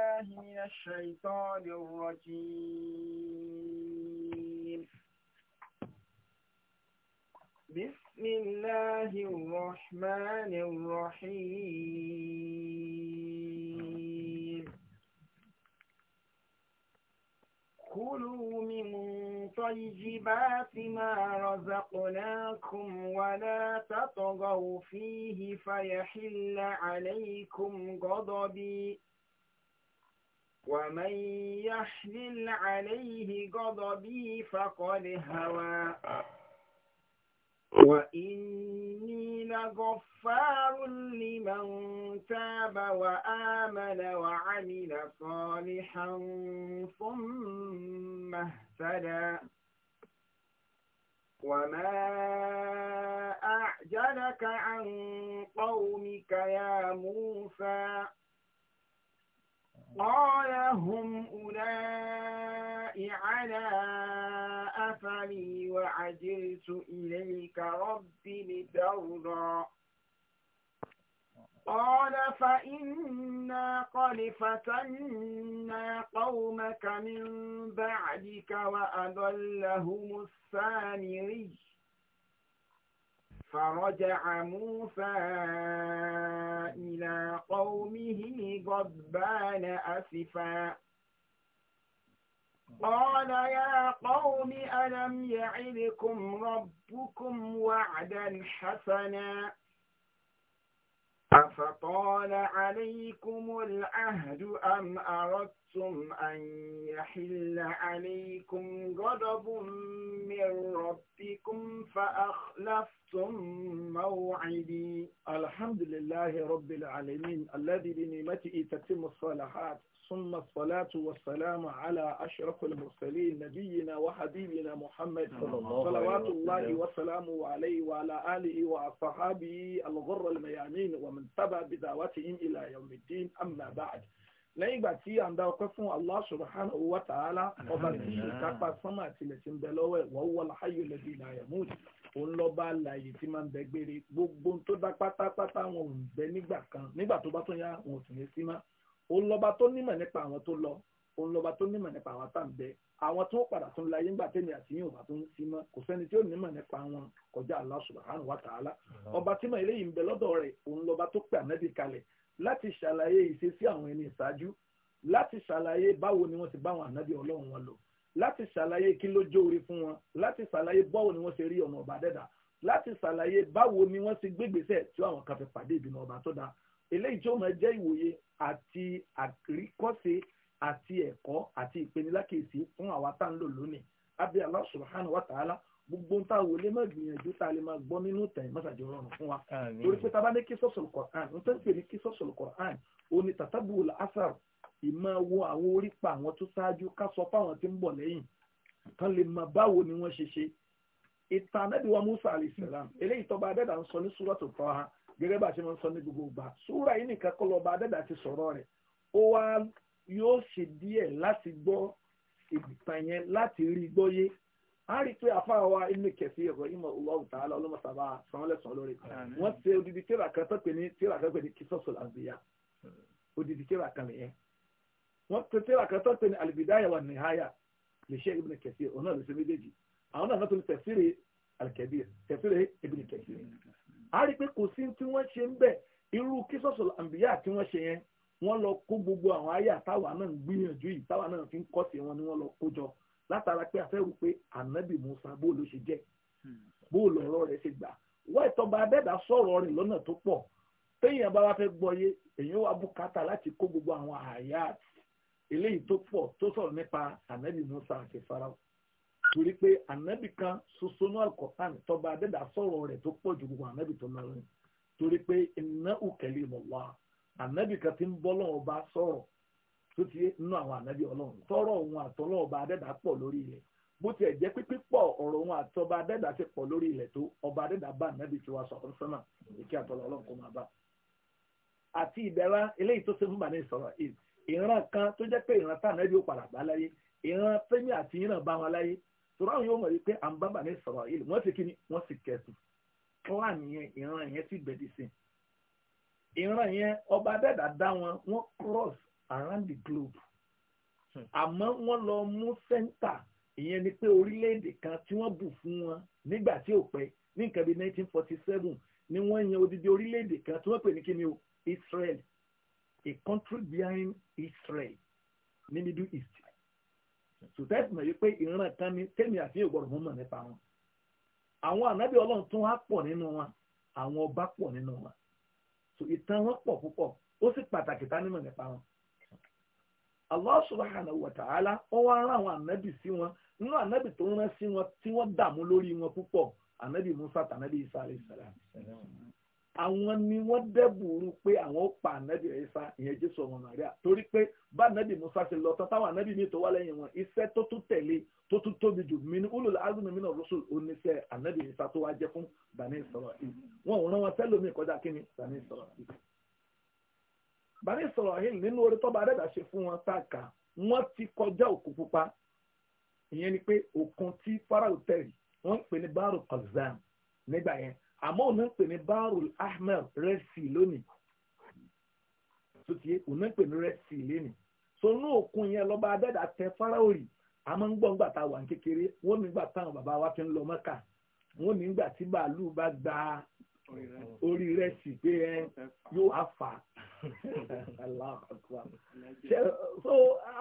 بالله من الشيطان الرجيم بسم الله الرحمن الرحيم كلوا من طيبات ما رزقناكم ولا تطغوا فيه فيحل عليكم غضبي ومن يحلل عليه غضبي فقد هوى وإني لغفار لمن تاب وآمن وعمل صالحا ثم اهتدى وما أعجلك عن قومك يا موسى قال هم أولئك على أثري وعجلت إليك رب لترضى قال فإنا قد فتنا قومك من بعدك وأضلهم السامري فرجع موسى إلى قومه غضبان أسفا قال يا قوم ألم يعدكم ربكم وعدا حسنا أفطال عليكم العهد أم أردتم أن يحل عليكم غضب من ربكم فأخلفتم موعدي الحمد لله رب العالمين الذي بنعمته تتم الصالحات ثم الصلاة والسلام على أشرف المرسلين نبينا وحبيبنا محمد صلوات الله وسلامه عليه وعلى آله وأصحابه الغر الميامين ومن تبع بدعوتهم إلى يوم الدين أما بعد lẹ́yìn ìgbà tí à ń dá ọpẹ́ fún Allah subhanahu wa ta'ala ọba tí ìkápá sánmà tilẹ̀ ti ń bẹ lọ́wọ́ ẹ̀ wọ́n wọ́n láàyò lẹ́bi ìlà yamud òun lọ bá láàyè tí máa ń bẹ gbére gbogbo tó dá pátápátá wọn ò ń bẹ nígbà kan nígbà tó bá tó yá wọn ò sì ní sí máa òun lọ́ba tó nímọ̀ nípa àwọn tó lọ òun lọ́ba tó nímọ̀ nípa àwọn tá à ń bẹ àwọn tó padà tó ń la yé ńgbà tẹ́mi àti yín òbá tó ń sí mọ́ kò sẹ́ni tí ó nímọ̀ nípa wọn kọjá Allah subhanahu wa ta'ala ọba tí màá eléyìí ń bẹ lọ́dọ̀ rẹ̀ òun lọ́ba tó pè ànábì kalẹ̀ láti ṣàlàyé ìṣesí àwọn ẹni ìṣáájú láti ṣàlàyé báwo ni wọ́n ti bá àwọn ànábì ọlọ́run wọn lò láti ṣàlàyé kí ló jó orí fún wọn láti ṣàlàyé báwo ni wọ́n ṣe rí ọ̀nà ọ̀bà dẹ́dà láti ṣàlàyé báwo ni wọ́n ṣe gbégbèsè tí àwọn kan fi àti àríkọ́ṣe àti ẹ̀kọ́ àti ìpenilákèsí fún àwa tá à ń lò lónìí abẹ́ Allah subhanahu wa ta'ala gbogbo ń ta wò lé má gbìyànjú tá a lè máa gbọ́ nínú tẹ̀ mọ́sàdì rọrùn fún wa torí pé tá a bá ní kí sọ́sọ̀lù Qur'an ń tẹ́ pè ní kí sọ́sọ̀lù Qur'an òní tàtàbù làásàr ìmọ̀ wo àwọn orí pa àwọn tó ṣáájú ká sọ fáwọn tí ń bọ̀ lẹ́yìn kan lè mọ báwo ni wọ́n ṣe ṣe ìtàn anábìwá Musa alayhi salam eléyìí tọ́ba adẹ́dà ń sọ ní súrọ̀tù Taha gẹ́gẹ́ bá a ṣe máa ń sọ ní gbogbo ìgbà súra yìí nìkan kọ́ lọ́ba adẹ́dà ti sọ̀rọ̀ rẹ̀ ó wá yóò ṣe díẹ̀ láti gbọ́ ìtàn yẹn láti rí gbọ́ yé a rí i pé àfáà wa inú kẹfì ẹ̀kọ́ ìmọ̀ Allahu Ta'ala ọlọ́mọ̀sábà sanwó-lẹ̀sán lórí wọ́n ṣe odidi tíra kan tó pè ní tíra kan pè ní Qisasul Anbiya odidi tíra kan nìyẹn wọ́n ṣe tíra kan tó pè ní Al-Bidaya wa Nihaya lè ṣe Ibn Kathir òun náà lè ṣe méjèèjì àwọn náà tó lè tafsiri Al-Kabir tafsiri Ibn Kathir a rí i pé kò sí tí wọ́n ṣe ń bẹ̀ irú kíṣọ́sọ̀ àǹbíyà tí wọ́n ṣe yẹn wọ́n lọ kó gbogbo àwọn àyà táwa náà ń gbìyànjú yìí táwa náà fi ń kọ́ sí wọn ni wọ́n lọ kó jọ látara pé àfẹ́rù pé ànábì Musa bó ló ṣe jẹ́ bó lọ̀rọ̀ rẹ̀ ṣe gbà wọ́n ìtọ́ba abẹ́dà sọ̀rọ̀ rẹ̀ lọ́nà tó pọ̀ téèyàn bá wá fẹ́ gbọ́yé èyàn wá bùkátà láti kó gbogbo àwọn àyà eléyìí tó pọ̀ tó sọ̀rọ̀ nípa ànábì Musa àti Fáráò torí pé anabi kan soso ní alukọ̀tàn tọba adẹ́dà sọrọ rẹ̀ tó pọ̀ ju gbogbo ànábì tó lọ rẹ̀ torí pé iná òkèlè kan ti ń bọ́ lọ́wọ́ bá sọ̀rọ̀ tó ti nú àwọn tọrọ òun àtọlọ́wọ́ ọba adẹ́dà pọ̀ lórí ilẹ̀ bó tiẹ̀ eje pé pípọ̀ ọrọ òun àtọba adẹ́dà ti po lórí ilẹ̀ tó ọba adẹ́dà bá anabi tí wàá sọ̀rọ̀ sọ́nà èké àtọlọ́ ọlọrun máa bá àti eléyìí tó ṣe fún bàní sọ̀rọ̀ kan tó jẹ́ pé ìran tá ànábì ó padà bá láyé ìran àti ìran bá wọn láyé sọ̀rọ̀ àwọn yóò mọ̀ wípé à ń bá bàbá Ísírẹ́lì wọ́n ti kíni wọ́n sì kẹ̀sùn wọ́n wà nìyẹn ìran yẹn sì gbẹ̀dì sí ìran yẹn ọba dẹ́dà dá wọn wọ́n cross around the globe hmm. àmọ́ wọ́n lọ mú sẹ́ńtà ìyẹn ni pé orílẹ̀-èdè kan tí wọ́n bù fún wọn nígbà tí ò pẹ́ ní nǹkan bíi 1947 ni wọ́n yan odidi orílẹ̀-èdè kan tí wọ́n pè ní kíni o Israel a country bearing Israel ní Middle East sùtẹ́ẹ̀tì mọ̀ yìí pé ìran kan ni tẹ́mi àfihàn wọn àwọn ànábì ọlọ́run tún wá pọ̀ nínú wọn àwọn ọba pọ̀ nínú wọn so ìtàn wọn pọ̀ púpọ̀ ó sì pàtàkì tánímọ̀ nípa wọn. Allah subhanahu wa ta'ala wọ́n wá rán àwọn ànábì wọn nínú ànábì tó rán sí wọn tí wọ́n dààmú lórí wọn púpọ̀ ànábì Musa tànábì Isa alayhi àwọn ni wọ́n dẹ́bùrú pé àwọn pa ànábì ẹ̀sà ìyẹn jésù ọmọ màríà torí pé bá ànábì musa ṣe lọ tán táwọn ànábì mi tó wá lẹ́yìn wọn iṣẹ́ tó tún tẹ̀lé tó tún tóbi jù mí ní ulul azmi minar rusul oníṣẹ́ ànábì ẹ̀sà tó wá jẹ́ fún bani Israil wọn ò rán wọn sẹ́lómi kọjá kí ni bani Israil. bani Israil nínú orí tọ́ba adẹ́dà ṣe fún wọn táàkà wọ́n ti kọjá òkun pupa ìyẹn ni pé òkun tí àmọ́ òun ń pè ní barul ahmed rẹ́sì lónìí tó ti òun ń pè ní rẹ́sì lónìí so inú òkun yẹn lọ́ba adẹ́dà tẹ fáráòrì àmọ́ ń gbọ́ ńgbà tá a wà ní kékeré wọ́n nígbà táwọn bàbá wa fi ń lọ mọ́kà wọ́n nígbà tí bàálù bá gba orí rẹ́sì pé ẹ yóò á fà á so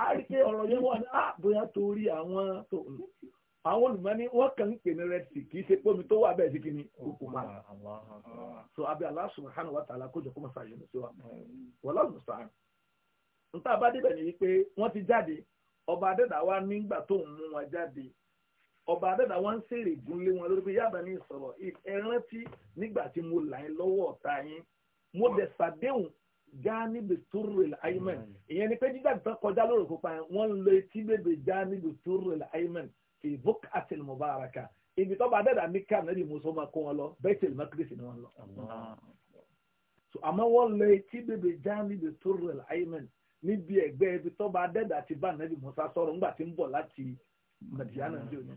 àríkè ọ̀rọ̀ yẹn wọ́n á ah, bóyá torí àwọn tó àwọn olùmọ́ni wọ́n kàn ń pè ní red sea kìí ṣe pómi tó wà bẹ́ẹ̀ sí kìíní kókó máa so abi Allah subhanahu wa ta'ala kójọ kó máa ṣàyẹ̀ ní sí wa wọ́n lọ́dún sáà níta bá débẹ̀ ni wípé wọ́n ti jáde ọba adẹ́dà wa nígbà tó ń mú wọn jáde ọba adẹ́dà ń ṣèrè gúnlé wọn lórí pé yáàbá ní ìsọ̀rọ̀ ẹ rántí nígbà tí mo là yín lọ́wọ́ ọ̀tá yín mo dẹ̀ sàdéhùn jáníbi túrùl ayman ìyẹn ni pé jíjáde tán kọjá lórí kópa wọn ń etí bèbè jáníbi túrùl ayman fi book atil mubaraka ibi tó bá dẹ́dà ní ká nàbí musa máa kó wọn lọ Baitul Maqdis ni wọn lọ. so àmọ́ wọ́n lè tí bèbè já níbi turrel ayman níbi ẹ̀gbẹ́ ibi tó bá dẹ́dà ti bá nàbí musa sọ̀rọ̀ ńgbà tí ń bọ̀ láti madiana ní òní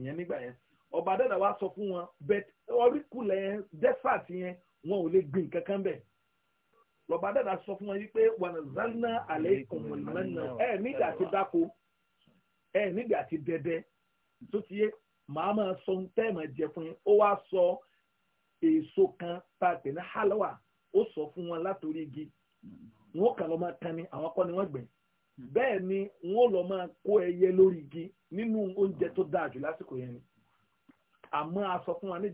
ìyẹn nígbà yẹn ọba dẹ́dà wa sọ fún wọn bẹ́ẹ̀ oríkulẹ̀ yẹn desert yẹn wọn ò lè gbìn kankan bẹ́ẹ̀ lọ́ba dẹ́dà sọ fún wọn yìí pé wàhálà zanna alaykum mọ̀lẹ́mọ̀ ẹ̀ nígbà tí dáko. ẹ nígbà tí dẹdẹ tó ti yé màá máa sọ tẹ́ẹ̀mọ̀ jẹ fún yín ó wá sọ èso kan tá a pè ní hálọ́wà ó sọ fún wọn látòrí igi wọn máa ni àwọn kọ́ ni wọ́n gbìn bẹ́ẹ̀ ni wọn lọ máa kó ẹyẹ lórí igi nínú oúnjẹ tó dáa jù lásìkò yẹn ni àmọ́ a sọ fún wa ní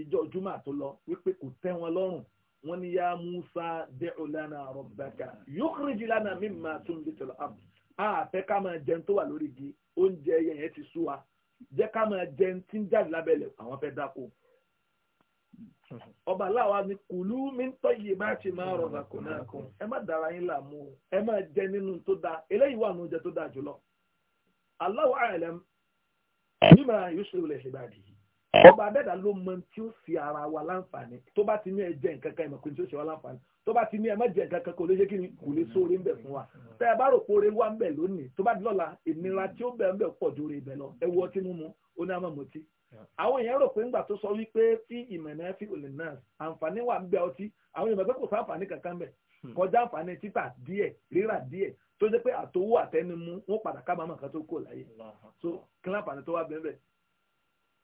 ìjọ júmọ̀ tó lọ wípé kò tẹ́ wọn lọ́rùn wọn ni Musa dẹ́ọ̀lánà rọ̀bàkà yukhrij lana mimma tunbitul a fẹ́ ká máa jẹun tó wà lórí igi oúnjẹ yẹn ti sú wa jẹ́ ká máa jẹun tí ń jáde lábẹ́lẹ̀ àwọn fẹ́ dáko. ọba aláwa ni kùlú mi ń tọ́yì bá ti máa rọ̀bà kò náà ẹ má dára yín làmú o ẹ máa jẹ nínú tó dáa eléyìí wà ní oúnjẹ tó dáa jùlọ. Allahu a'lam bima yusuf lè ṣe báyìí ọba adẹ́dà ló mọ tí ó fi ara wa láǹfààní tó bá ti ní ẹ jẹ nǹkan kan ìmọ̀kùnrin tí ó ṣe wa láǹfààní tó bá ti ní ẹ má jẹ nǹkan kan kò lè ṣe kí ni kò lè sóore ń bẹ̀ fún wa tẹ́ ẹ bá rò pé oore wà ń bẹ̀ lónìí tó bá di lọ́la ìnira tí ó bẹ̀ ń bẹ̀ pọ̀ ju oore ibẹ̀ lọ ẹ wọ ọtí mímu ó ní àmọ́ mọ́tí. àwọn èèyàn rò pé ńgbà tó sọ wípé tí ìmọ̀nà fi olè náà àǹfààní wà ń bẹ ọtí àwọn èèyàn so kí láǹfààní tó wà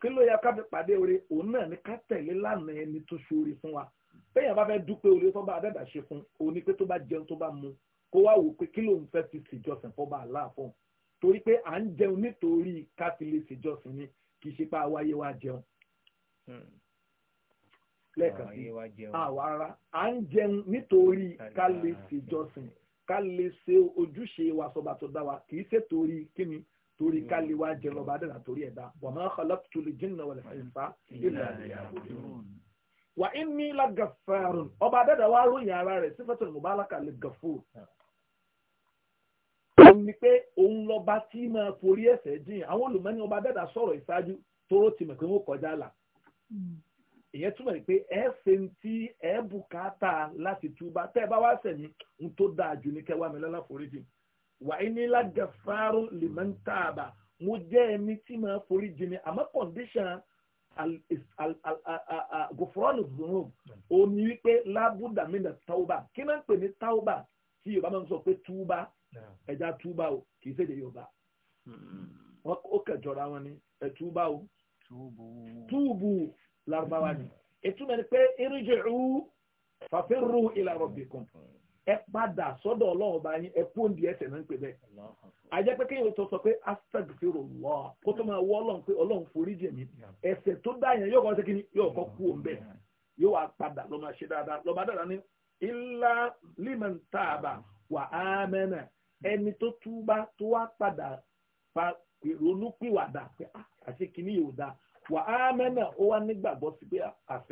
kí ló yẹ ká fi pàdé oore òun náà ni ká tẹ̀lé lánàá ẹni tó ṣoore fún wa bẹ́ẹ̀yàn bá fẹ́ dúpẹ́ oore tó bá adẹ́dà ṣe fún òun pé tó bá jẹun tó bá mu kó wá wò pé kí lòun fẹ́ fi ṣèjọsìn fọba aláàfọ̀n torí pé à ń jẹun nítorí ká fi lè ṣèjọsìn ni kì í ṣe pé àwáyé wa jẹun. Hmm. lẹ́ẹ̀kan sí àwa ara à ń jẹun nítorí ká lè ṣèjọsìn ká lè ṣe ojúṣe wa sọba tó dá wa kì í ṣe torí kíni torí mm. ká lè wá jẹun ọba dàda torí ẹ̀dá wa ma khalaqtul jinna wal insa illa liya'budun wa inni la gaffarun ọba dàda wá ròyìn ara rẹ̀ sifatul mubalaka li gafur òun ni pé òun lọ́ba tí máa forí ẹ̀ṣẹ̀ jìn àwọn olùmọ́ni ọba dàda sọ̀rọ̀ ìṣáájú tóró ti mọ̀ pé kọjá là mm. ìyẹn túmọ̀ ní pé ẹ ṣe ń tí ẹ bùkátà láti túbà tẹ́ ẹ bá wá sẹ̀yìn ń tó dáa jù ní kẹwàá mi lọ́la foríjì wà ní lágàfàárù lèmọ́n tààbà mo jẹ́ ẹni tí màá forí jìnnì àmọ́ condition gòfòrọ́nù zùnú o ní wípé lábúdà mi nà tàwùbà kí náà ń pè ní tàwùbà tí yorùbá máa ń sọ pé túbà ẹja túbà o kì í ṣèdè yorùbá hmm. ó kẹjọra wọn ni ẹ túbà o túbù lárúbáwá ni ètùmọ̀ ni pé irji'u fàfẹ́rù ila rabbikum ẹ padà sọ́dọ̀ ọlọ́run bá yín ẹ pọ́ǹdì ẹsẹ̀ náà ń àjẹ́ pé kéèyàn tó sọ pé astagfirullah kó tó máa wọ ọlọ́run pé ọlọ́run forí jẹ̀ mí ẹsẹ̀ tó dá yẹn yóò kọ́ sí yóò kọ́ kú òun bẹ́ẹ̀ yóò wá padà lọ máa ṣe dáadáa ẹni tó túbá tó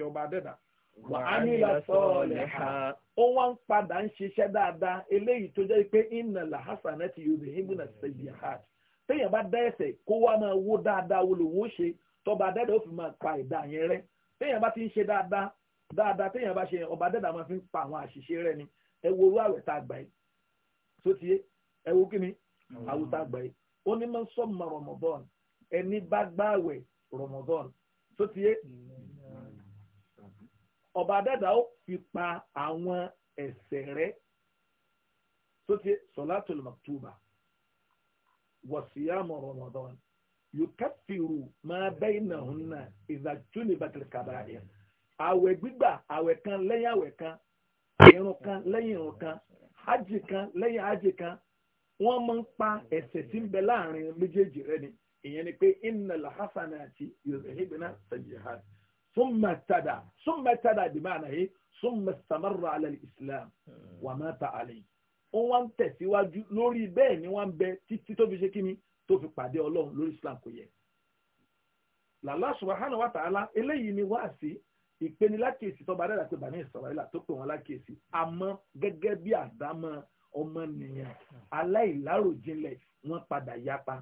ọba wà á nílà sọ́ọ̀lẹ̀ ha ó wá ń padà ń ṣiṣẹ́ dáadáa eléyìí tó jẹ́ pé iná làhásánà ti yorùbá himuna sẹ́yìn ha téèyàn bá dá ẹsẹ̀ kó wá máa wó dáadáa wo lòun ó ṣe tọba dẹ́dẹ̀ ó fi máa pa ìdá yẹn rẹ́ téèyàn bá ti ń ṣe dáadáa dáadáa téèyàn bá ṣe ọba dẹ́dà máa fi ń pa àwọn àṣìṣe rẹ ni ẹ wo orú àwẹ̀ tá a gbà yìí tó ti yé ẹ wo kí ní máa ń sọ́mọ rọmọdọ́n ẹni ọba dàdà ó fi pa àwọn ẹ̀ṣẹ̀ rẹ̀ tó ti sọ̀látùl màktúbà wọ̀síyàmù rọmọdán yukaffiru máa baynahunna idha junibatil kaba'ir àwẹ̀ gbígbà àwẹ̀ kan lẹ́yìn àwẹ̀ kan irun kan lẹ́yìn irun kan hajj kan lẹ́yìn hajj kan wọ́n máa ń pa ẹ̀ṣẹ̀ tí ń bẹ láàrin méjèèjì rẹ̀ ni ìyẹn ni pé innal hasanati yuzhibna sayyi'at ثم اهتدى ثم اهتدى بمعنى ايه ثم استمر على الاسلام ومات عليه wọ́n ń tẹ̀síwájú lórí bẹ́ẹ̀ ni wọ́n ń bẹ títí tó fi ṣe kíni tó fi pàdé ọlọ́run lórí islam kò yẹ. Allah subhanahu wa ta'ala eléyìí ni wá sí ìpenilákèsí tọ́ba dára pé bàmí ìsọ̀rọ̀lá tó pè wọ́n lákèsí àmọ́ gẹ́gẹ́ bí àdámọ́ ọmọnìyàn aláìláròjinlẹ̀ wọ́n padà yapa.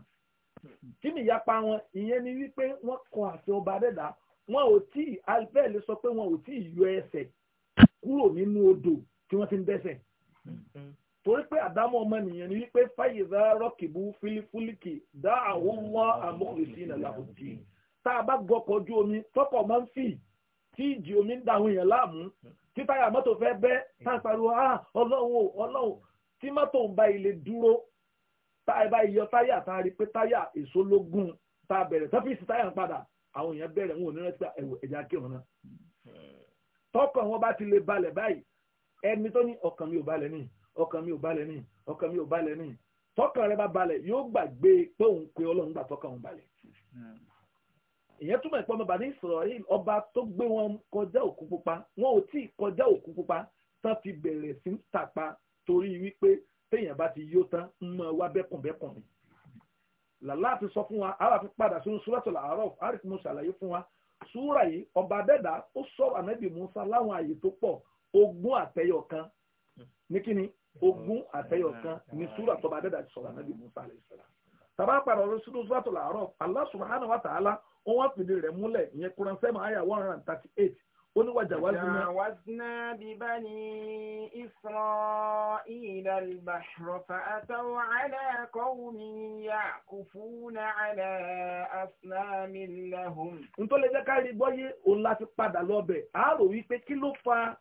kí ni ìyapa wọn ìyẹn ni wípé wọ́n kọ àṣẹ ọba dẹ́dà wọn ò tí bẹ́ẹ̀ lè sọ pé wọn ò tí yọ ẹsẹ̀ kúrò nínú odò tí wọ́n ti ń dẹ́sẹ̀ torí pé àdámọ́ ọmọ nìyẹn ni wípé fàyèzá rọ́kìbú fílífúlìkì dá àwọn wọn àmúkùrìsí ìnàlá òjì tá a bá gbọ́kọ̀ ojú omi tọ́kọ̀ máa ń fì tí ìjì omi ń da àwọn èèyàn láàmú tí táyà mọ́tò fẹ́ bẹ́ tá a pariwo ah ọlọ́run ọlọ́run tí mọ́tò ń ba ilé dúró tá a bá yọ táyà tá a rí pé táyà èso ló gùn tá a bẹ̀rẹ̀ tọ́fíìsì táyà ń padà àwọn èèyàn bẹ̀rẹ̀ wọn ò ní rántí pé ẹ̀wọ̀ ẹ̀já kírun náà hmm. tọkàn wọn bá ti lè balẹ̀ báyìí ẹni tó ní ọkàn mi ò balẹ̀ ní ọkàn mi ò balẹ̀ ní ọkàn mi ò balẹ̀ ní tọkàn rẹ bá balẹ̀ yóò gbàgbé pé òun pé ọlọ́run gbà tọkàn òun balẹ̀ hmm. ìyẹn túmọ̀ ìpọ́n mi bàní Ísírẹ́lì ọba tó gbé wọn kọjá òkun pupa wọn ò tí ì kọjá òkun pupa tán ti bẹ̀rẹ̀ sí tàpa torí wípé téèyàn bá ti yó tán ń làlá ti sọ fún wa ara fi padà sínú suratul A'raf arik musa àlàyé fún wa súra yìí ọba adẹ́dà ó sọ̀rọ̀ ànábì musa láwọn àyè tó pọ̀ ogún àtẹyọ kan ní kíni ogún àtẹyọ kan ní súra tọba adẹ́dà ti sọ̀rọ̀ ànábì musa alayhi salam tàbá padà ọ̀rọ̀ sínú suratul A'raf Allah subhanahu wa ta'ala ó wá fìdí rẹ̀ múlẹ̀ ìyẹn Quran seven ayah one hundred and thirty eight وجاوزنا ببني إسرائيل البحر فأتوا على قوم يعكفون على أصنام لهم nítorí ka jẹ́ padà lọ́bẹ̀ a rò wípé kí fa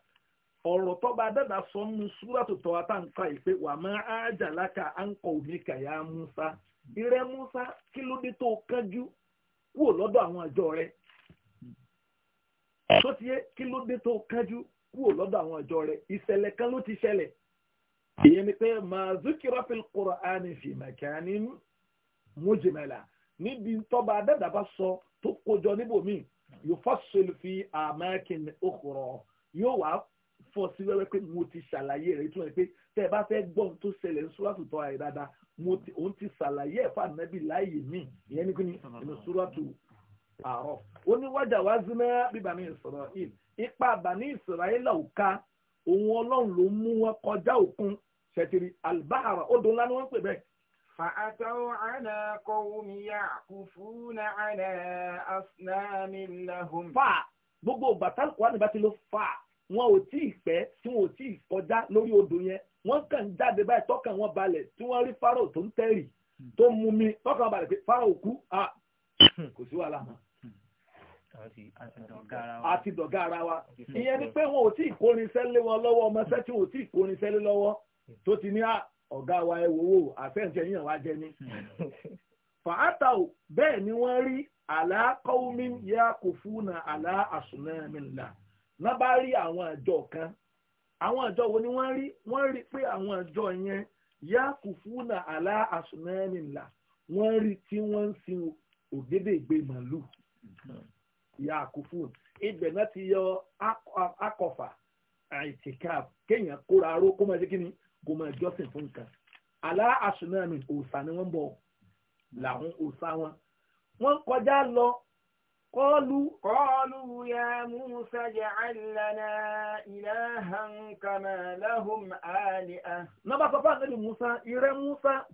ọ̀rọ̀ tọ́ba dada sọ mú súrà tó tọ́wá ka ìpè wà má ájàláka à Musa Musa lọ́dọ̀ tó ti yé kí ló dé tó kánjú kúrò lọ́dọ̀ àwọn ìjọ rẹ̀ ìṣẹ̀lẹ̀ kan ló ti ṣẹlẹ̀ ìyẹn ni pé máa zukira fil Qur'ani fi makanin mujmala níbi tọ́ba adẹ́dàbá sọ tó kójọ níbòmíì yufassil fi amakin ukhra yóò wá fọ́ sí wẹ́wẹ́ pé mo ti ṣàlàyé rẹ̀ tún ẹ̀ pé tẹ́ ẹ bá fẹ́ gbọ́ tó ṣẹlẹ̀ ṣúrátù tọ́ àyè dáadáa mo ti ṣàlàyé ẹ̀fà nẹ́bí láàyè mí ìyẹn ni kí ni ìnú ṣúrátù àárọ̀ ó ní wájà wá zúná bíbá ní Israel ipa àbáni Israel òka òun ọlọ́run ló mú wọn kọjá òkun ṣètìrì albahara odò ńlá ni wọ́n ń pè bẹ́ẹ̀. فأتوا على قوم يعكفون على أصنام لهم. fa gbogbo ìgbà tí Al-Kùránì bá ti lọ fa wọn ò tí ì pẹ́ tí wọn ò tí ì kọjá lórí odò yẹn wọ́n kàn jáde báyìí tọ́kàn wọn balẹ̀ tí wọ́n rí Fáráò tó ń tẹ̀rì tó ń mumi tọ́kàn balẹ̀ pé Fáráò kú ah, kò sí wàhálà mọ́ àti dọ̀gá wa ìyẹn ni pé wọn ò tí ì kórinṣẹ́ lé wọn lọ́wọ́ ọmọọṣẹ́ tí wọn ò tí ì kórinṣẹ́ lé lọ́wọ́ tó ti ní ah, ọ̀gá wa ẹ wò wò àfẹ́ǹtẹ̀ yíyan wa jẹ ní. fàátà ò bẹ́ẹ̀ ni wọ́n rí àlàkọ́wọ́mí yá kò fún na àlà àsùnmẹ́mìlá náà bá rí àwọn àjọ kan àwọn àjọ wo ni wọ́n rí wọ́n rí pé àwọn àjọ yẹn yá kò fún na àlà àsùnmẹ́mìlá wọ́n rí tí wọ́n ń sin ògédègbè yakufun ibẹ̀ náà ti yọ akọfà kó máa ṣe kí ni kó máa jọ́sìn fún nǹkan àlá ni wọ́n bọ̀ làwọn osa wọn wọ́n kọjá lọ ya musa ilahan kama lahum musa ire musa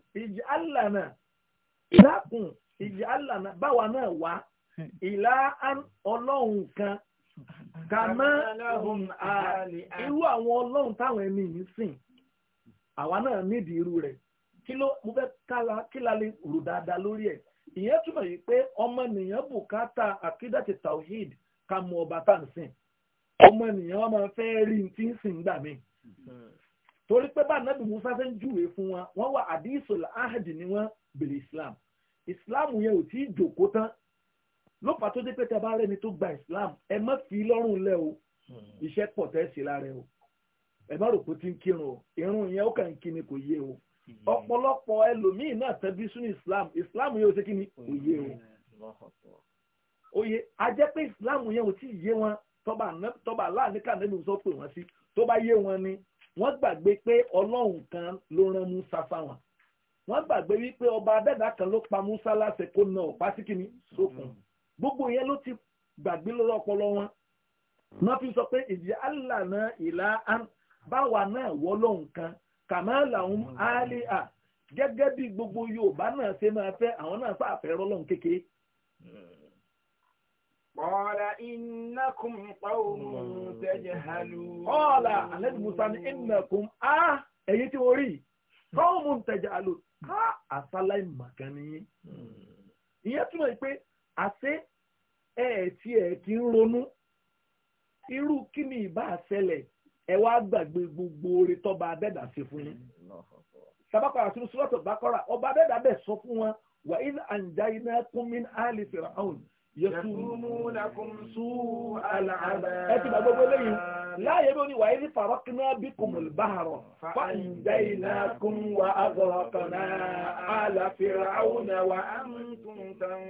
ìlà ọlọ́run kan kàmá irú àwọn ọlọ́run táwọn ẹni yìí sìn àwa náà nídìí irú rẹ̀ kí ló mo fẹ́ kí la lè rò dáadáa lórí ẹ̀ ìyẹn túmọ̀ yìí pé ọmọnìyàn bùkátà àkídàtì tawhid ká mọ ọba tá à ń sìn ọmọnìyàn wọn máa fẹ́ rí tí ń sìn gbà mí torí pé bá nàbì musa fẹ́ ń júwèé fún wọn wọ́n wà àdìsọ̀lá ahadi ni wọ́n bèrè islam islam yẹn ò tí ì jòkó tán lọ́pàá tó dé pé tẹ bá ni tó gba islam ẹ má fi lọ́rùn lẹ o hmm. iṣẹ́ pọ̀ tẹ́ sí lára o ẹ má rò pé tí ń kírun o irun yẹn ó kàn ń kí ni kò yé o hmm. ọ̀pọ̀lọpọ̀ ẹlòmíì náà tẹ́bí sún islam islam yẹn ò ṣe kí ni kò yé o hmm. oye a jẹ́ pé islam yẹn ò tí ì yé wọn tọ́ba aláàánú kàn nínú sọ pé wọ́n sí tó bá yé wọn ni wọ́n gbàgbé pé ọlọ́run kan ló rán musa fáwọn wọ́n gbàgbé wípé ọba abẹ́dà kan ló pa musa láṣẹ kó na ọ̀pá sí kí ni sókun. So, àwọn yẹn ló ti gbàgbé lórí ọpọlọ wọn wọ́n fi sọ pé ìdí allah náà ìlà báwa náà wọ́ lóhùn kan kàmáàlà ń à gẹ́gẹ́ bí gbogbo yorùbá náà ṣe máa fẹ́ àwọn náà fàfẹ́ rọ́lọ́hùn kékeré. Ọ̀la ìnákùn pàwọ́n tẹ̀jẹ̀hálù. Ọ̀la àlẹ́dì Musa ní ìnákùn á èyí tí wọ́n rí pàwọ́n tẹ̀jẹ̀hálù á àṣálà ìmàkàn nìyí. Hmm. Ìyẹn túmọ̀ pé àṣẹ ẹ ti ẹ̀ kí ń ronú irú kí ni ìbá àṣẹlẹ̀ ẹ wá gbàgbé gbogbo oore tọ́ba abẹ́dà ṣe fún yín sábàpàrà sínú sọ́tọ̀ bákọ́ra ọba abẹ́dà bẹ̀ sọ fún wọn wà ní àǹjáyé náà kún mí ní àlè fìràhùn ẹtì gbàgbọ́ pé lẹ́yìn láàyè ló ní wàá ní farakínà bí kùmùl báhàrọ̀ fa ìjà iná kún wa azọ̀kànà àlàfíà àwọn ẹ̀wà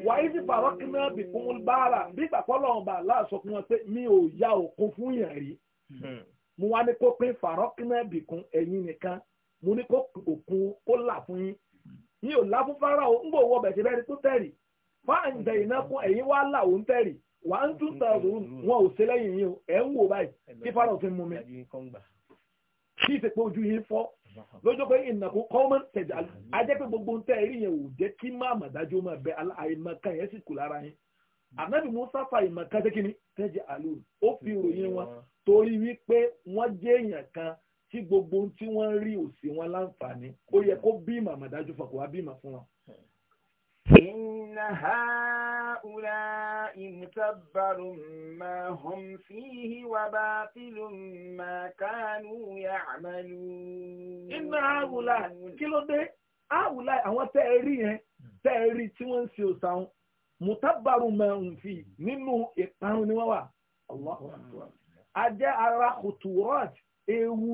wàá ní farakínà bí kùmùl báhàrà bí gbàgbọ́lọ̀ ọba aláàṣọ fún wọn pé mi ò ya òkun fún yàn rí hmm. mo wá ní kó pín farakínà bí kún ẹ̀yìn nìkan mo ní kó òkun kó là fún yín mi ò lá fún fáráò ń bò wọ bẹ̀sẹ̀ bẹ́ẹ̀ ni tó tẹ̀rì. fáǹdà ìnákún ẹ̀yin wá là ó ń tẹ̀rì wà ń tún tààrù wọn ò sí lẹ́yìn yìí o ẹ̀ ń wò báyìí tí fáwọn fi mú mi kí ìsèpé ojú yìí fọ́ lójó pé kọ́mọ́n gbogbo ń yẹn ò jẹ́ kí má mà dájú máa bẹ yẹn musa mm. àlù ó fi ròyìn wọn torí wípé wọ́n jẹ́ gbogbo tí wọ́n rí òsì wọn láǹfààní ó yẹ kó bí dájú fọkùn wá bí إن هؤلاء متبر ما هم فيه وباطل ما كانوا يعملون إن هؤلاء كيلو دي هؤلاء àwọn tẹ́ ẹ rí yẹn tẹ́ ẹ rí tí wọ́n ń ṣe òsàn mutabaru ma ń fi nínú ìparun ni wọ́n wà Allahu akbar ajẹ́ ara kùtùrọ́t ewu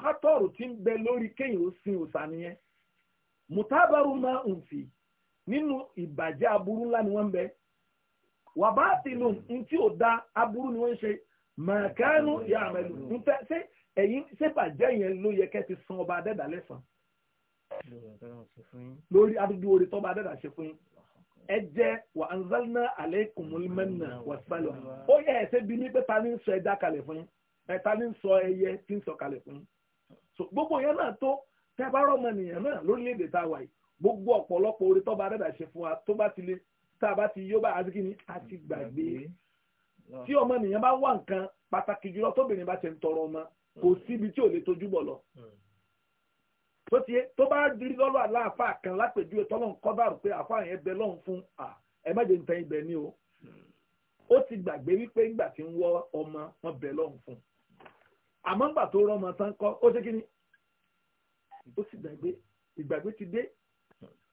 kátọ́rù tí ń bẹ lórí kéyìn ó sin òsàn nìyẹn mutabaru ma ń fi nínú ìbàjẹ́ aburú ńlá ni wọ́n ń bẹ wà bá tìlù ntí ò da aburú ni wọ́n ń ṣe màkánú ya àmẹ́lù ntẹ́ ṣé ẹ̀yin ṣé bàjẹ́ yẹn ló yẹ kẹ́ ti san ọba adẹ́dà lẹ́sàn lórí adúgbò orí tọ́ba adẹ́dà ṣe fún yín ẹ jẹ́ wà anzalna alaykumul manna wassalwa ó yẹ ẹ̀ṣẹ́ bí ní pé ta ni ń sọ ẹja kalẹ̀ fún yín ẹ̀ta ni ń sọ ẹyẹ tí ń sọ kalẹ̀ fún yín gbogbo yẹn náà tó tẹ́ bá rọ́ọ̀mọ nìyẹn náà lórílẹ̀-èdè tá a wà yìí gbogbo ọ̀pọ̀lọpọ̀ orí tó bá dàda ṣe fún wa tó bá ti le tá a bá ti yó bá a ti kí ni a ti gbàgbé tí ọmọ nìyẹn bá wà nǹkan pàtàkì jùlọ tóbìnrin bá ti ń tọrọ ọmọ kò hmm. síbi tí ò lè tojú bọ̀ lọ hmm. tó tiẹ̀ tó bá dirí lọ́lọ́ àláàfà kan lápèjúwe tọ́lọ́n kọ́dàrú pé àfà yẹn bẹ lọ́hùn fún à ẹ má jẹ́ nǹkan ibẹ̀ ni o hmm. ó ti gbàgbé wípé ńgbà tí ń wọ ọmọ wọn bẹ lọ́hùn fún àmọ́ ńgbà tó rọ́ ọmọ tán ó ṣe kí ni ó ti gbàgbé ìgbàgbé ti dé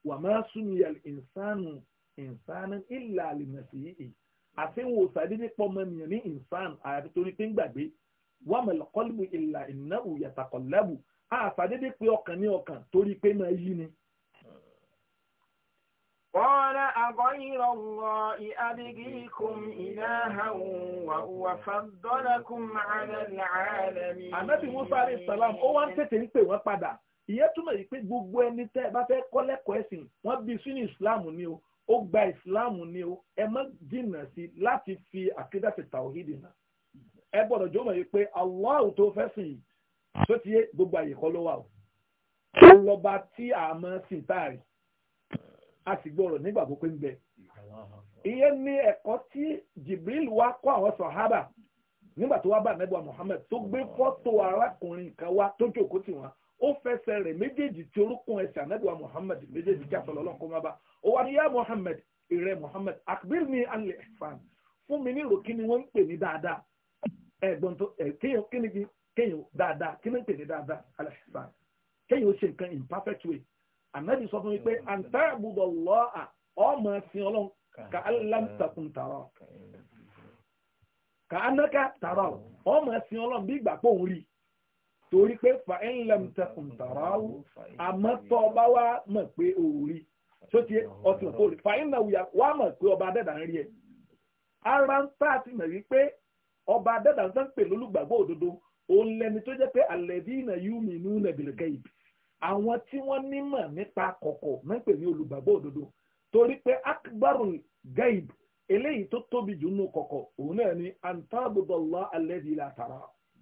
wà máa súnmi ìsánù ìsánù ìlà àlìmọ̀sí yìí àti wò sàdé nípa ọmọnìyàn ní ìsánù àyàfi torí pé ń gbàgbé wà mọ̀lẹ́kọ́lùmù ìlà ìnáwó yàtàkọ̀lẹ́bù àfàdédé pé ọkàn ní ọkàn torí pé máa yí ni. قال أغير الله أبغيكم إلها وهو فضلكم على العالمين. Ànábì Mùsá alayhi salam ó wá ń tètè ń pè wọ́n padà ìyẹn túmọ̀ yìí pé gbogbo ẹni tẹ́ ẹ bá fẹ́ kọ́ lẹ́kọ̀ọ́ ẹ̀sìn ni o ó gba islam ni o ẹ má sí láti fi àkídà fi tàwhídì náà ẹ gbọ́dọ̀ jọ mọ̀ yìí pé Allah tó fẹ́ gbogbo àyè kọ́ ló wà o ó tí a máa a sì gbọ́rọ̀ nígbà gbogbo ń bẹ ni ẹ̀kọ́ tí Jibril wá kọ́ àwọn sàhábà nígbà tó wá bá nẹ́gbà tó gbé fọ́tò kan wá tó jókòó tì ó fẹsẹ̀ rẹ̀ méjèèjì tí orúkún ẹsẹ̀ anábìwá muhammed méjèèjì kí àtọ̀lọ́ ọlọ́kọ́ máa bá ó wà ní yá muhammed ìrẹ́ muhammed akbir ní alẹ́ ẹ̀fàn fún mi ní ìrò kí ni wọ́n ń pè ní dáadáa ẹ̀gbọ́n tó kéèyàn ni kéèyàn dáadáa kí ni ń pè ní dáadáa alẹ́ ẹ̀fàn kéèyàn ó ṣe nǹkan in perfect way anábì sọ fún mi pé àǹtá àbúdọ̀ ka ka sin ọlọ́run torí pé fa ẹ̀yìn lẹ́mu tẹkùn tàrà áwù àmọ́ tọ́ ọba wa mọ̀ pé òòrí tó ti mọ̀ pé ọba adẹ́dà ń rí ẹ. ara ń tà sí pé ọba adẹ́dà ń sànpè lólùgbàgbọ́ òdodo òun lẹni tó jẹ́ pé àlẹ́bí ìnà yóò mì nàbìlẹ̀kẹ́ yìí àwọn tí wọ́n nímọ̀ nípa kọ̀kọ̀ gaib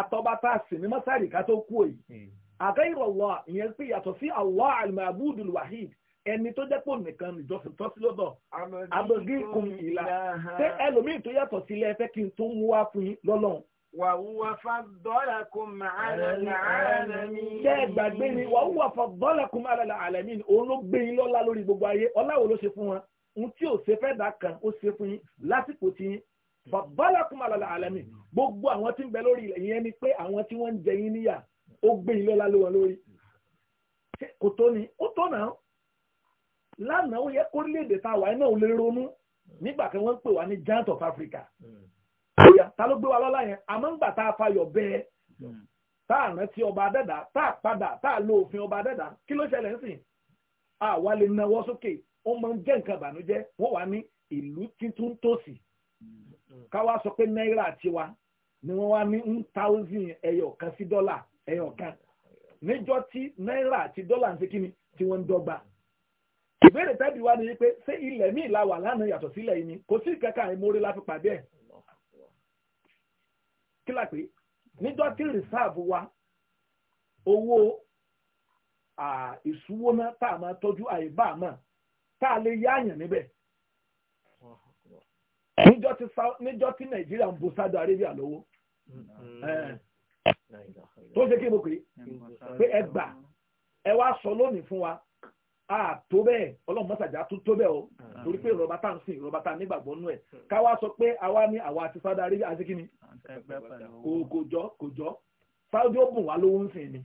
àtọ́ba tá a sì ní mọ́sárì ká tó kú èyí hmm. àgẹ́yìnrọ̀lọ́ ìyẹn pé yàtọ̀ sí Allah al-ma'budul wahid ẹni tó jẹ́ pò nìkan nìjọsìn tọ́sí lọ́dọ̀ abẹ́gí kun ìlà ṣé ẹlòmíì tó yàtọ̀ sílẹ̀ ẹ fẹ́ kí n tó mú wá fún yín lọ́lọ́run. wàhùwà fàdọ́làkùn màálàmì. ṣé ẹ gbàgbé ni wàhùwà fàdọ́làkùn màálàmì òun ló gbé yín lọ́lá lórí gbogbo ayé ọlá wo ló ṣe fún wọn ohun tí ò ṣe fẹ́ dà kan ó ṣe fún yín lásìkò tí yín fàdọ́làkùn màálàmì gbogbo àwọn tí ń bẹ lórí ilẹ̀ yẹn ni pé àwọn tí wọ́n ń jẹ yín níyà ó gbé ilé ọlá lé lórí kò tó ni ó tó náà lánàá ó yẹ kórílẹ̀-èdè tá a wà náà ò lè ronú nígbà kan wọ́n ń pè wá ní giant of Africa bóyá hmm. ta ló gbé wa lọ́la yẹn àmọ́ ń gbà tá a fayọ̀ bẹ́ẹ̀ hmm. tá a rántí ọba adẹ́dá tá a padà tá a lo òfin ọba adẹ́dá kí ló ṣẹlẹ̀ ń sìn àwa lè nawọ́ sókè ó máa ń jẹ́ nǹkan ìbànújẹ́ wọ́n wà ní ìlú títún tòsí hmm. káwa sọ pé náírà tiwa ni wọ́n wá ní one thousand ẹyọ kan sí dọ́là ẹyọ kan níjọ́ tí náírà àti dọ́là ń ṣe kí ni tí wọ́n ń dọ́gba ìbéèrè tẹ́bi wá ni wípé ṣé ilẹ̀ míì la wà lánàá yàtọ̀ sílẹ̀ yìí ni kò sí ìkẹ́kẹ́ àìmórí la fi pàdé ẹ̀ kí la pè é níjọ́ tí rìsáàbù wa owó ìṣúwóná tá a máa tọ́jú àìbá àmọ́ tá a lè yáàyàn níbẹ̀ níjọ́ tí Nàìjíríà ń bo Saudi Arabia lọ́wọ́ tó ṣe kí mo pè pé ẹ gbà ẹ wá sọ lónìí fún wa a tó bẹ́ẹ̀ ọlọ́run mọ́sàjà tún tó bẹ́ẹ̀ o torí pé ìrọ̀bá tá à ń sìn ìrọ̀bá tá à nígbàgbọ́ nú ẹ̀ ká wá sọ pé àwa ni àwa àti sáadà rí àti kí ni kò jọ kò jọ sáájú ó bùn wá lówó ń sìn ni.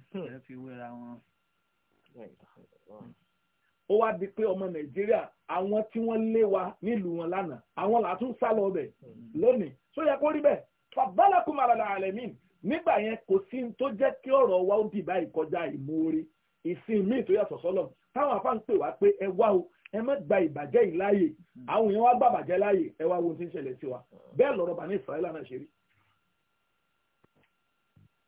ó wá di pé ọmọ nàìjíríà àwọn tí wọ́n lé wa nílùú wọn lánàá àwọn làá tún sá lọ bẹ̀ lónìí só kó rí bẹ́ẹ̀ fàbálàkùn àlàlà àlẹ́mí nígbà yẹn kò sí tó jẹ́ kí ọ̀rọ̀ wa ó dì báyìí kọjá ìmoore ìsìn míì tó yàtọ̀ sọ́lọ̀ táwọn afá ń pè wá pé ẹ wá o ẹ má gba ìbàjẹ́ yìí láàyè hmm. àwọn èèyàn wá gbà láàyè ẹ wá wo ohun tí ń ṣẹlẹ̀ sí wa hmm. bẹ́ẹ̀ lọ́rọ̀ bá ní ìsirayẹ́lá náà ṣe rí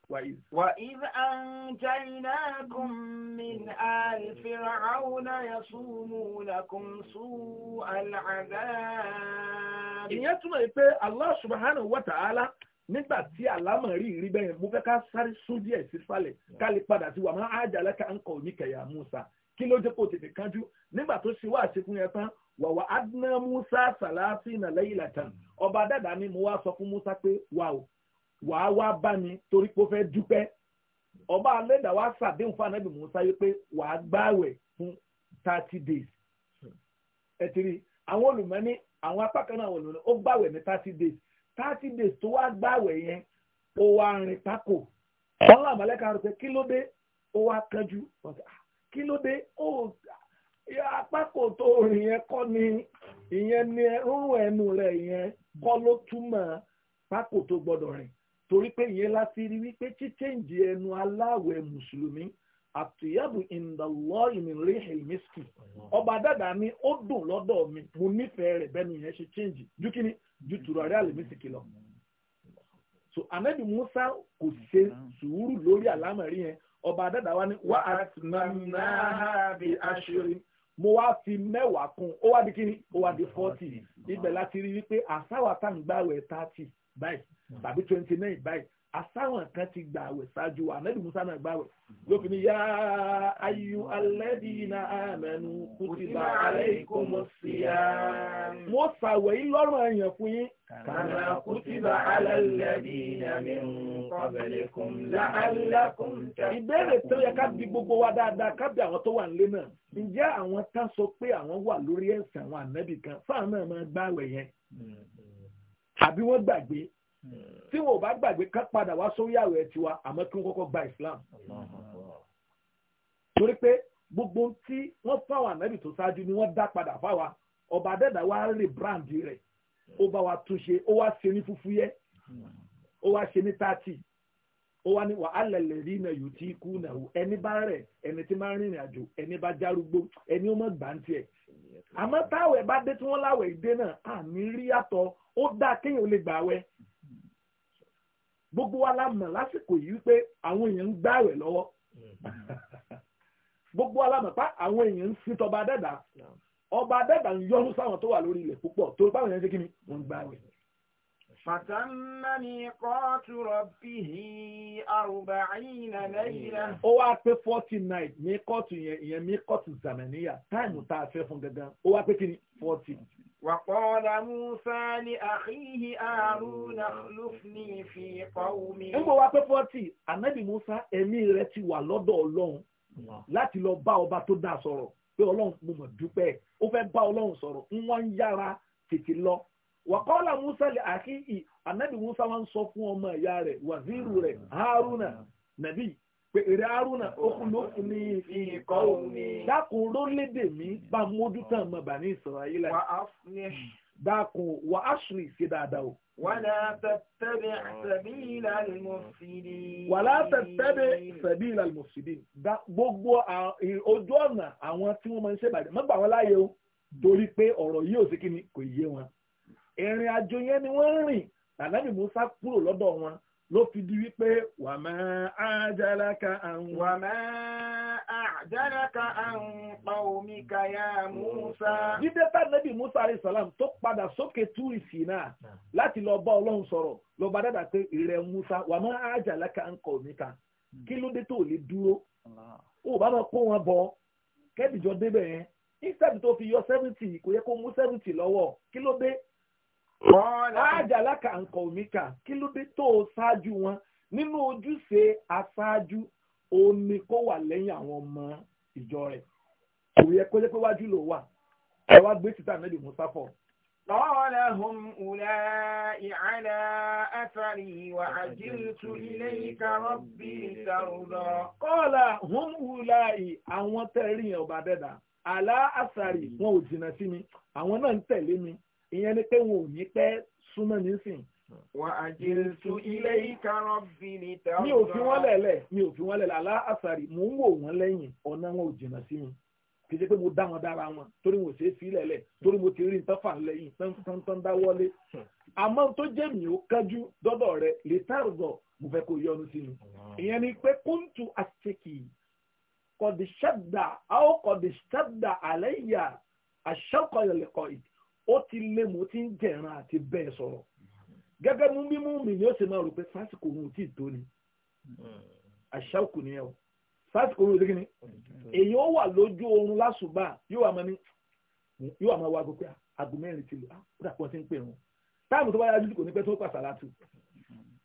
وإذ وإذ أنجيناكم من آل فرعون يصومونكم سوء العذاب ìyẹn túmọ̀ yìí pé Allah subhanahu wa ta'ala nígbà tí àlámọ̀ rí ìrí bẹ́ẹ̀ mo fẹ́ ká sáré sún díẹ̀ sísàlẹ̀ ká lè padà sí wa máa ájàlá ká ń kọ̀ ní kẹ̀yà Musa kí ló jẹ́ kó tètè kánjú nígbà tó ṣe wá àṣekún yẹn tán wàwà adná Musa sàlásì nà laylatan ọba dàdà ni mo wá sọ fún Musa pé wà o wàá wá bá mi torí pé ó fẹ́ dúpẹ́ ọba alẹ́dàá wá sàdéhùn fún anábì Musa yìí pé wàá gbààwẹ̀ fún thirty days ẹ ti rí àwọn olùmọ́ni àwọn apá kan náà àwọn olùmọ́ni ó gbààwẹ̀ ní thirty days thirty days tó wá gbààwẹ̀ yẹn ó wá rìn pákò wọn làwọn mọ̀lẹ́ka rẹ̀ pé kí ló dé ó wá kánjú ah, kí ló dé ó apákò tó rìn yẹn kọ́ ni ìyẹn ni rúnrún ẹnu rẹ̀ yẹn kọ́ ló túmọ̀ pákò tó gbọ́dọ̀ rìn torí pé ìyẹn láti rí wípé chíchẹ́ǹjì ẹnu aláwẹ̀ mùsùlùmí àtúyàbù ìndàlọ́ ìmìnrí ìmísìkì ọba dàdà ni ó dùn lọ́dọ̀ mi mo nífẹ̀ẹ́ rẹ̀ bẹ́ẹ̀ ni ìyẹn ṣe chíchẹ́ǹjì ju kí ni ju tùràrí àlèmísìkì lọ. so anabi musa kò ṣe sùúrù lórí àlámọ̀rí yẹn ọba dàdà wa ni wà á nàá bí aṣèré mo wá fi mẹ́wàá kún ó wá di kí ni ó wá di fọ́tì ibẹ̀ láti rí wípé àsáwà tá à ń tààtì báyìí tàbí twenty nine báyìí asáwọn kan ti gbà àwẹ̀ ṣáájú wa ànábì musa náà gbà àwẹ̀ ló fi ní yá ayú alladina amanu kutiba alaykumus siyam. mo ṣàwẹ̀ yìí lọ́rùn ẹ̀yàn fún yín. kama kutiba ala alladina min qablikum la'allakum tẹ̀kọ́. ìbéèrè tó yẹ ká bi gbogbo wa dáadáa ká bi àwọn tó wà nílé náà ǹjẹ́ àwọn tán sọ pé àwọn wà lórí ẹ̀sìn àwọn ànábì kan fáwọn náà máa gbà àwẹ̀ yẹn. Hmm àbí wọ́n gbàgbé hmm. tí wọn ò bá gbàgbé ká padà wá sórí àwẹ̀ tiwa àmọ́ kí wọ́n kọ́kọ́ gba Islam torí pé gbogbo tí wọ́n fáwọn ànábì tó ṣáájú ni wọ́n dá padà fáwa ọba adẹ́dà wa rè brand rẹ̀ ó bá wa túnṣe ó wá ṣe ní fúfú yẹ hmm. ó wá ṣe ní tààtì ó wá ní wà á lẹ̀lẹ̀ rí iná yòó tí kú náà wò ẹni bá rẹ̀ ẹni tí máa ń rìnrìn àjò ẹni bá járúgbó ẹni ó mọ̀ gbà ń tiẹ̀ àmọ́ táwẹ̀ bá dé tí wọ́n láwẹ̀ ìdé náà àmì rí yàtọ̀ ó dáa kéèyàn lè gbààwẹ̀ gbogbo wa la mọ̀ lásìkò yìí wípé àwọn èèyàn ń lọ́wọ́ gbogbo wa la pa àwọn èèyàn ń sin tọba adẹ́dà ọba adẹ́dà ń sáwọn tó wà lórí ilẹ̀ púpọ̀ torí báwọn èèyàn ṣe kí ni ń Zamaniya وقال موسى لأخيه هارون اخلفني في قومي. ń bọ̀ wá pé forty anabi musa ẹ̀mí rẹ̀ ti wà lọ́dọ̀ ọlọ́run láti lọ bá ọba tó dá sọ̀rọ̀ pé ọlọ́run mo mọ̀ dúpẹ́ ó fẹ́ bá ọlọ́run sọ̀rọ̀ ń wọ́n ń yára tètè lọ. wàkọ́lá musa lè àkíyì anabi musa wọn sọ fún ọmọ ìyá rẹ̀ wàzírù rẹ̀ haruna nàbí pé èrè arúnà okùnlókùn ní ìkọ́ òní. dákun rólédè mi bá mójú tán mọ̀ bà ní ìsọ̀rọ̀ ayé láì. dákun wà á ṣùrì sí dáadáa o. wàlá tẹ̀tẹ̀bẹ̀ sẹ̀bílà lùmọ̀sídìn. wàlá tẹ̀tẹ̀bẹ̀ sẹ̀bílà lùmọ̀sídìn. gbogbo ojú ọ̀nà àwọn tí wọ́n máa ń ṣèbàjẹ́ mọ́gbà wọn láàyè o torí pé ọ̀rọ̀ yìí ò sí kí ni kò yé wọn. ìrìn àjò yẹn ni wọ́n rìn tànàbì Musa kúrò lọ́dọ̀ wọn ló fi di wípé wà máa ájálaka àwọn. wà máa ájálaka àwọn qaumika ya Musa. dídé tá nẹ́bí Musa alayhi salam tó padà sókè túrì Sínà láti lọ bá Ọlọ́run sọ̀rọ̀ lọ bá dàda pé ìrẹ̀ Musa wà máa ájálaka àwọn qaumika kí ló dé tó lè dúró ó bá máa kó wọn bọ kẹ́bìjọ débẹ̀ yẹn instead tó fi yọ seventy kò yẹ kó mú seventy lọ́wọ́ kí ló dé Àjàlákà nǹkan òmíkà kí ló dé tó o ṣáájú wọn nínú ojúṣe aṣáájú òun ni kó wà lẹ́yìn àwọn ọmọ ìjọ rẹ̀. Kò yẹ kó jẹ́ pé wájú ló wà. Ẹ wá gbé títà náà mú sáfọ̀. قال هم أولئك على أثري وعجلت إليك ربي ترضى قال هم أولئك àwọn tẹ̀rí ọba dẹ́dà àlá àsàrì wọn ò jìnnà sí mi àwọn náà ń tẹ̀lé mi ìyẹn ni pé wọn ò ní pẹ́ súnmọ́ nísìn. wà á jẹ tu ilé ìkarọ̀ bí ní tẹ́wọ́. mi ò fi wọ́n lẹ̀lẹ̀ mi ò fi wọ́n lẹ̀lẹ̀ alá àṣàrì mò ń wò wọ́n lẹ́yìn ọ̀nà wọn ò jìnnà sí mi kì í ṣe pé mo dá wọn dára wọn torí mo ṣe é fi lẹ̀lẹ̀ torí mo ti rí nǹkan fà lẹ́yìn tán dá wọlé. àmọ́ tó jẹ́ mi ò kájú dọ́dọ̀ rẹ̀ lè tàrùgọ̀ mo fẹ́ kó yọnu sí mi. ìyẹn ni pé kóńtù àṣekì kọ̀dìṣẹ́dà àwọn kọ̀dìṣẹ́dà àlẹ́ ìyá àṣọ́kọ̀yọ̀lẹ̀kọ̀ ìdí ó ti lé mo ti ń jẹ̀ràn àti bẹ́ẹ̀ sọ̀rọ̀ gẹ́gẹ́ mú mímú mi ni ó sì máa rò pé sásìkò òun ti tó ni àṣà òkú nìyẹn o sásìkò òun ò dégínì èyí ó wà lójú oorun lásùbà yóò wà máa ní yóò wà máa wá gbogbo àgọ mẹ́rin ti lò á ah, ó dà pọ̀ sí ń pè wọn táàmù tó bá yára jù ní pẹ́ tó pàṣà látù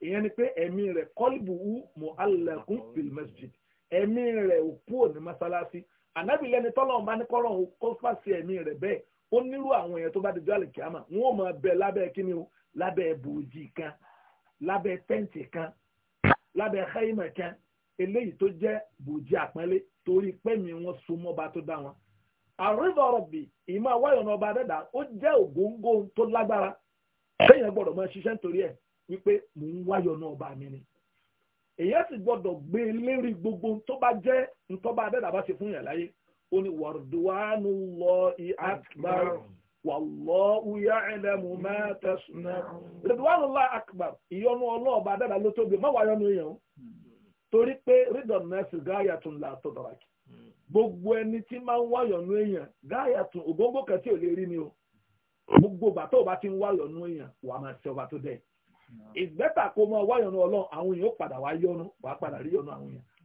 ìyẹn ni pé ẹ̀mí rẹ̀ kọ́lìbù wú mọ́ alẹ́kùn fil masjid ẹ̀mí rẹ̀ òpó ní mọ́sálásí ànábìlẹ́ni tọ́lọ́run bá ní kọ́lọ́run kó fàṣẹ ẹ̀mí rẹ̀ bẹ́ẹ̀ ó nírú àwọn èèyàn tó bá dojú àlè kíámà wọn ò máa bẹ lábẹ́ kíni o lábẹ́ bòójì kan lábẹ́ tẹ́ǹtì kan lábẹ́ xẹ́yìmọ̀ kan eléyìí tó jẹ́ bòójì àpọ́nlé torí pẹ́mi wọn so mọ́ba tó dá wọn. àrídọ̀ rọ̀bì ìmọ̀ wáyọ̀ náà ọba dẹ́dà ó jẹ́ ògóńgó tó lágbára kéèyàn gbọ́dọ̀ máa ṣiṣẹ́ nítorí ẹ̀ wípé mò ń wáyọ̀ náà ọba mi ni. èèyàn sì gbọ́dọ̀ gbé lérí gbogbo tó bá jẹ́ ntọ́ba dẹ́dà bá ṣe fún yàn láyé ó ní wàrúdùwánú lọ akbar wàlọ́hu ya'lamu ma tasna'un rìdùwánú lọ akbar ìyọnu ọlọ́ọ̀bà dáadáa ló tóbi má wàá yọnu yẹn o torí pé rídọ̀n náà sì gáyà tún là tó gbogbo ẹni tí máa ń wáyọ̀nú èèyàn gáyà tún ògóńgó kan tí o gbogbo tó ti ń èèyàn wàá máa ṣe ọba tó ìgbẹ́ta kó máa ọlọ́run àwọn èèyàn ó padà wá yọnu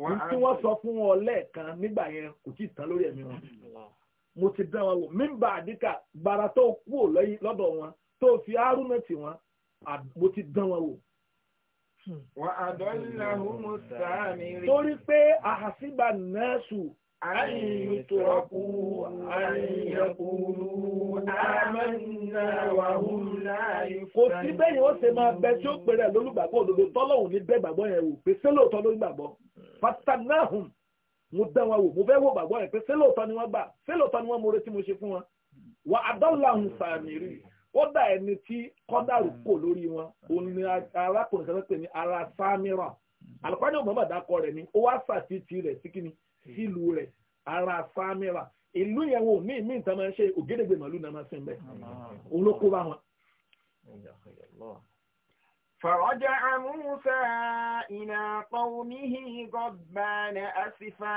ní tí wọ́n sọ fún ọ lẹ́ẹ̀kan nígbà yẹn kò tí ì tán lórí ẹ̀mí wọn mo ti dán wọn wò mímbà àdíkà gbàrà tó kú lọ́dọ̀ wọn tó fi árúnà wọn mo ti dán wọn wò. wà á dọ́là hùmù sáà mi rí. torí pé àhàsíbà nẹ́ẹ̀sù أن يتركوا أن يقولوا آمنا وهم لا يفتنون kò sí bẹ́ẹ̀ ni wọ́n ṣe máa bẹ tí ó pèrè lólùgbàgbọ́ òdodo tọ́lọ́hùn ní bẹ́ẹ̀ gbàgbọ́ yẹn wò pé sélòótọ́ ló ń gbàgbọ́ fatanahum mo dán wọn wò mo fẹ́ wò gbàgbọ́ yẹn pé sélòótọ́ ni wọ́n gbà sélòótọ́ ni wọ́n mo retí mo ṣe fún wọn wà á dọ́là ó dà ẹni tí kọ́dàrú kò lórí wọn òun ni arákùnrin kan pè ní ara sámírà alùpàdé òmùmá dàkọ rẹ̀ ni ó wá sàtìtì rẹ̀ sí sílùú rẹ̀ ara fámìlà ìlú yẹn wo ní ìmí ìta máa ń ṣe ògédègbè màlúù náà máa ń sìn bẹ́ẹ̀ bá wọn. فرجع موسى إلى قومه غضبان أسفا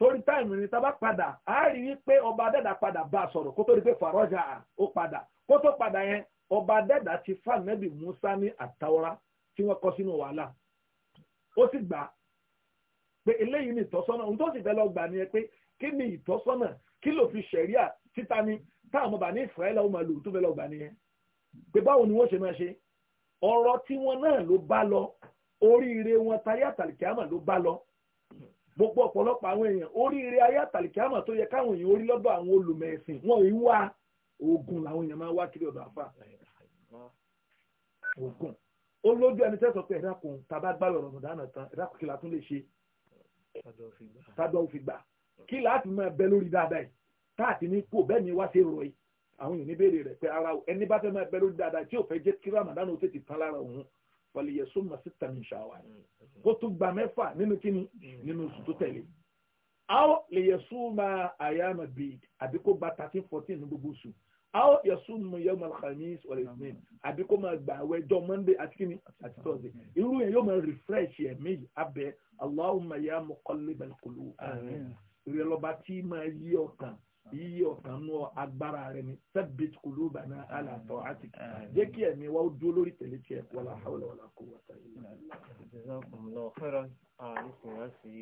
ni tá a bá padà á rí i pé ọba dẹ́dà padà bá a sọ̀rọ̀ kó tó di pé fàrọ́jà ó padà kó tó ọba ti Musa pé eléyìí ni ìtọ́sọ́nà ohun tó sì fẹ́ lọ gbà ni ẹ pé kí ni ìtọ́sọ́nà kí ló fi ṣẹ̀ríà títa ni táwọn ọmọ bàní Ísírẹ́lì ọmọ lò tó fẹ́ lọ gbà nìyẹn pé báwo ni wọ́n ṣe máa ṣe ọ̀rọ̀ tí wọn náà ló bá lọ oríire wọn táyé àtàlìkíámà ló bá lọ gbogbo ọ̀pọ̀lọpọ̀ àwọn èèyàn oríire ayé àtàlìkíámà tó yẹ káwọn èèyàn orí lọ́dọ̀ àwọn olùmẹ̀sìn wọn ì wá oògùn làwọn èèyàn máa wá kiri ọ̀dọ̀ àfà oògùn olójú ẹni tẹ́sán pé ẹ̀dá kò tàbá gbá lọ̀rọ̀ mọ̀dánà tán ẹ̀dá kò kí la tún lè ṣe tádọ́ òfin gbà kí láti máa bẹ lórí dáadáa yìí táàtì ní kú bẹ́ẹ̀ ni wá sí rọ̀ yìí àwọn èèyàn níbèrè rẹ̀ pé ara ẹni bá fẹ́ máa bẹ lórí dáadáa tí ò fẹ́ jẹ́ kí ramadan ó tètè tán lára òun wàlẹ̀ yẹ sọ ma sí tàmí ṣàwà kó tún gba mẹ́fà nínú kíni nínú oṣù tó tẹ̀lé àwọn lè yẹ sọ ma àyà ma bèè àbí kó thirteen fourteen ní gbogbo oṣù aw yasumu yawm al-khamis wal ithnin àbí kó máa gbà àwẹ̀ ọjọ́ monday àti kìíní àti thursday irú yẹn yóò máa refresh ẹ̀mí abẹ allahumma ya muqallibal qulub àmín ìrẹlọba tí máa yí ọkàn yíyí ọkàn nù agbára rẹ ni sabbit qulubana ala ta'atik jẹ́ kí ẹ̀mí wa ó dúró lórí tẹ̀lé tiẹ̀ wala hawla wala quwwata illa